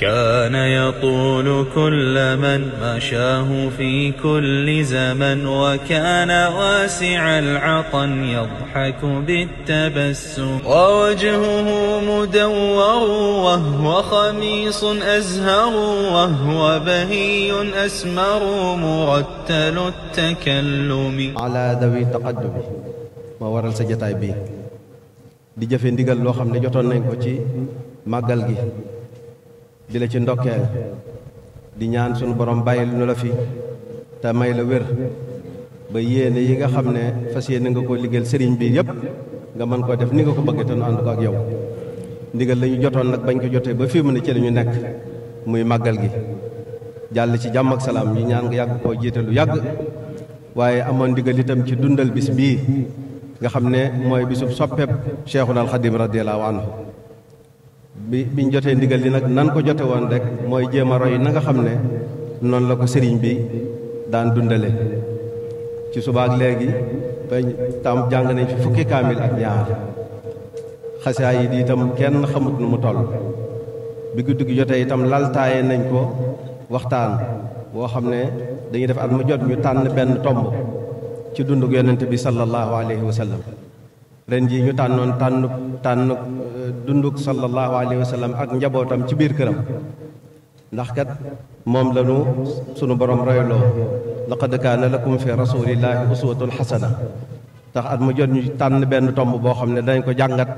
كان يطول كل من مشاه في كل زمن وكان واسع العطن يضحك بالتبسم ووجهه مدور وهو خميص أزهر وهو بهي أسمر مرتل التكلم على ذوي تقدم ma waral sa jataay bii di jëfe ndigal loo xam ne jotoon nañ ko ci màggal gi di la ci ndokkeel di ñaan sunu borom bàyyil nu la fi te may la wér ba yéene yi nga xam ne fas yéene nga ko liggéeyal sëriñ bi yëpp nga mën koo def ni nga ko bëggee te nu ak yow ndigal lañu jotoon nag bañ ko jotee ba fii mu ne ci la ñu nekk muy màggal gi jàll ci jàmm ak salaam ñu ñaan nga yàgg koo jiite lu yàgg waaye amoon ndigal tam ci dundal bis bii nga xam ne mooy bisub soppeeb Cheikhul Khadim radiyallahu anhu bi biñ jotee ndigal li nag nan ko jote woon rek mooy jéem a roy na nga xam ne noonu la ko sëriñ bi daan dundale ci subaak léegi ba tam jàng nañ fi fukki kaamil ak ñaar xasaay yi di itam kenn xamut nu mu toll bi guddi gi jotee itam laltaaye nañ ko waxtaan woo xam ne dañuy def at mu jot ñu tànn benn tomb ci dundug yonent bi sallallahu alayhi wa sallam ren jii ñu tànnoon tànnu tànnu euh, dunduk sallallahu alayhi wa sallam ak njabootam ci biir këram ndax kat moom la ñu sunu borom royloo laqad kaana lakum fi rasulillahi uswatun xasana tax at mu jot ñu tànn benn tomb boo xam ne dañ ko jàngat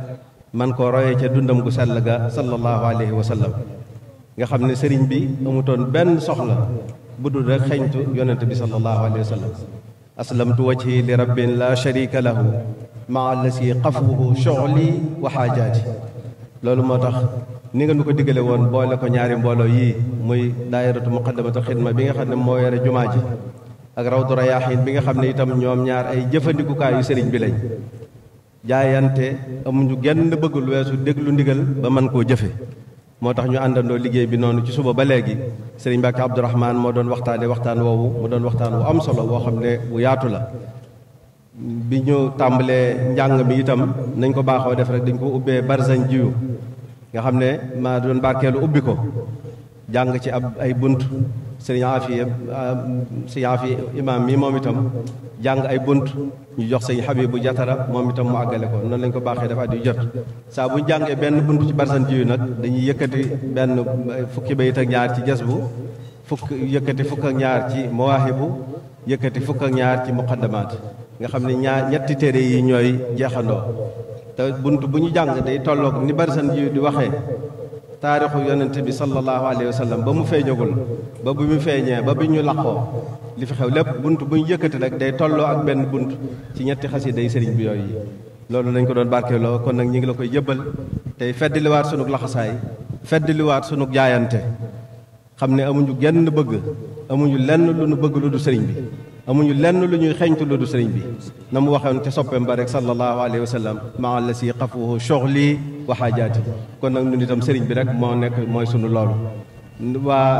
man koo royee ca dundam gu sell ga sallallahu alayhi nga xam ne sëriñ bi amutoon benn soxla bu dul rek xeñtu yonent bi sallallahu alayhi wa sallam aslamtu li rabbin la sharika lahu maa allati xafwuhu shughli wa xaajaati loolu moo tax ni nga ko diggale woon boole ko ñaari mbooloo yii muy daayiratu muqaddamatul xidma bi nga xam ne moo yore jumaa ji ak rawdu rayaaxiin bi nga xam ne itam ñoom ñaar ay jëfandikukaay yu sëriñ bi lañ jaayante amuñu genn bëggul weesu déglu ndigal ba mën koo jëfe moo tax ñu àndandoo liggéey bi noonu ci suba ba léegi sëriñ Mbàkke Abdourahman moo doon waxtaane waxtaan woowu mu doon waxtaan wu am solo woo xam ne bu yaatu la bi ñu tàmbalee njàng mi itam nañ ko baaxoo def rek dañ ko ubbee barzan jiwu nga xam ne maa doon barkeelu ubbi ko jàng ci ab ay bunt sëriñ Afiya sëriñ imaam mii moom itam jàng ay bunt ñu jox sëriñ Habibu Jatara moom itam mu àggale ko noonu lañ ko baaxee dafa at yu jot saa bu ñu benn bunt ci barzan jiwu nag dañuy yëkkati benn fukki bayit ak ñaar ci jas bu fukk yëkkati fukk ak ñaar ci mawaahibu yëkkati fukk ak ñaar ci muqaddamaat nga xam ne ñaar ñetti téere yi ñooy jeexandoo te bunt bu ñu jàng day tollook ni barisan ji di waxe taarixu yonent bi sallallahu alayhi wa ba mu feeñagul ba bu ñu feeñee ba bi ñu laqoo li fi xew lépp bunt bu ñu yëkkati rek day tolloo ak benn bunt ci ñetti xasida yi sëriñ bi yooyu yi loolu lañ ko doon barkeeloo kon nag ñu ngi la koy jëbbal tey fedd feddliwaat sunug laxasaay feddliwaat sunug jaayante xam ne amuñu genn bëgg amuñu lenn lu nu bëgg lu bi amuñu lenn lu ñuy xeñtu lu du sëriñ bi na mu waxoon te soppeem ba rek sallallahu alayhi wa sallam maa la si xafuhu shoxli wa xaajaati kon nag ñun itam sëriñ bi rek moo nekk mooy sunu loolu waa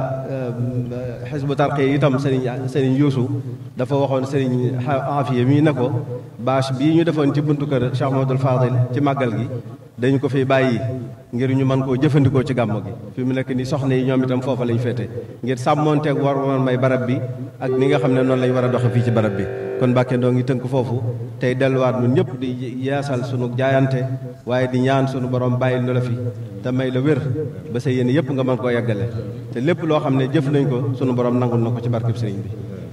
xisbu eh, tarqiya itam sëriñ sëriñ yuusu dafa waxoon sëriñ afiya mii na ko bâche bii ñu defoon ci buntu kër Cheikh Mahmadul Fadil ci màggal gi dañu ko fi bàyyi ngir ñu mën koo jëfandikoo ci gàmmu gi fi mu nekk ni soxna yi ñoom itam foofa lañu féete ngir sàmmoonteeg war woon may barab bi ak ni nga xam ne noonu lañ war a doxe fii ci barab bi kon Mbàkke ndoo ngi tënk foofu tey delluwaat ñun ñëpp di yaasal sunu jaayante waaye di ñaan sunu borom bàyyil nu la fi te may la wér ba sa yéen yëpp nga man koo yeggale te lépp loo xam ne jëf nañ ko sunu borom nangu na ko ci barkeb sëriñ bi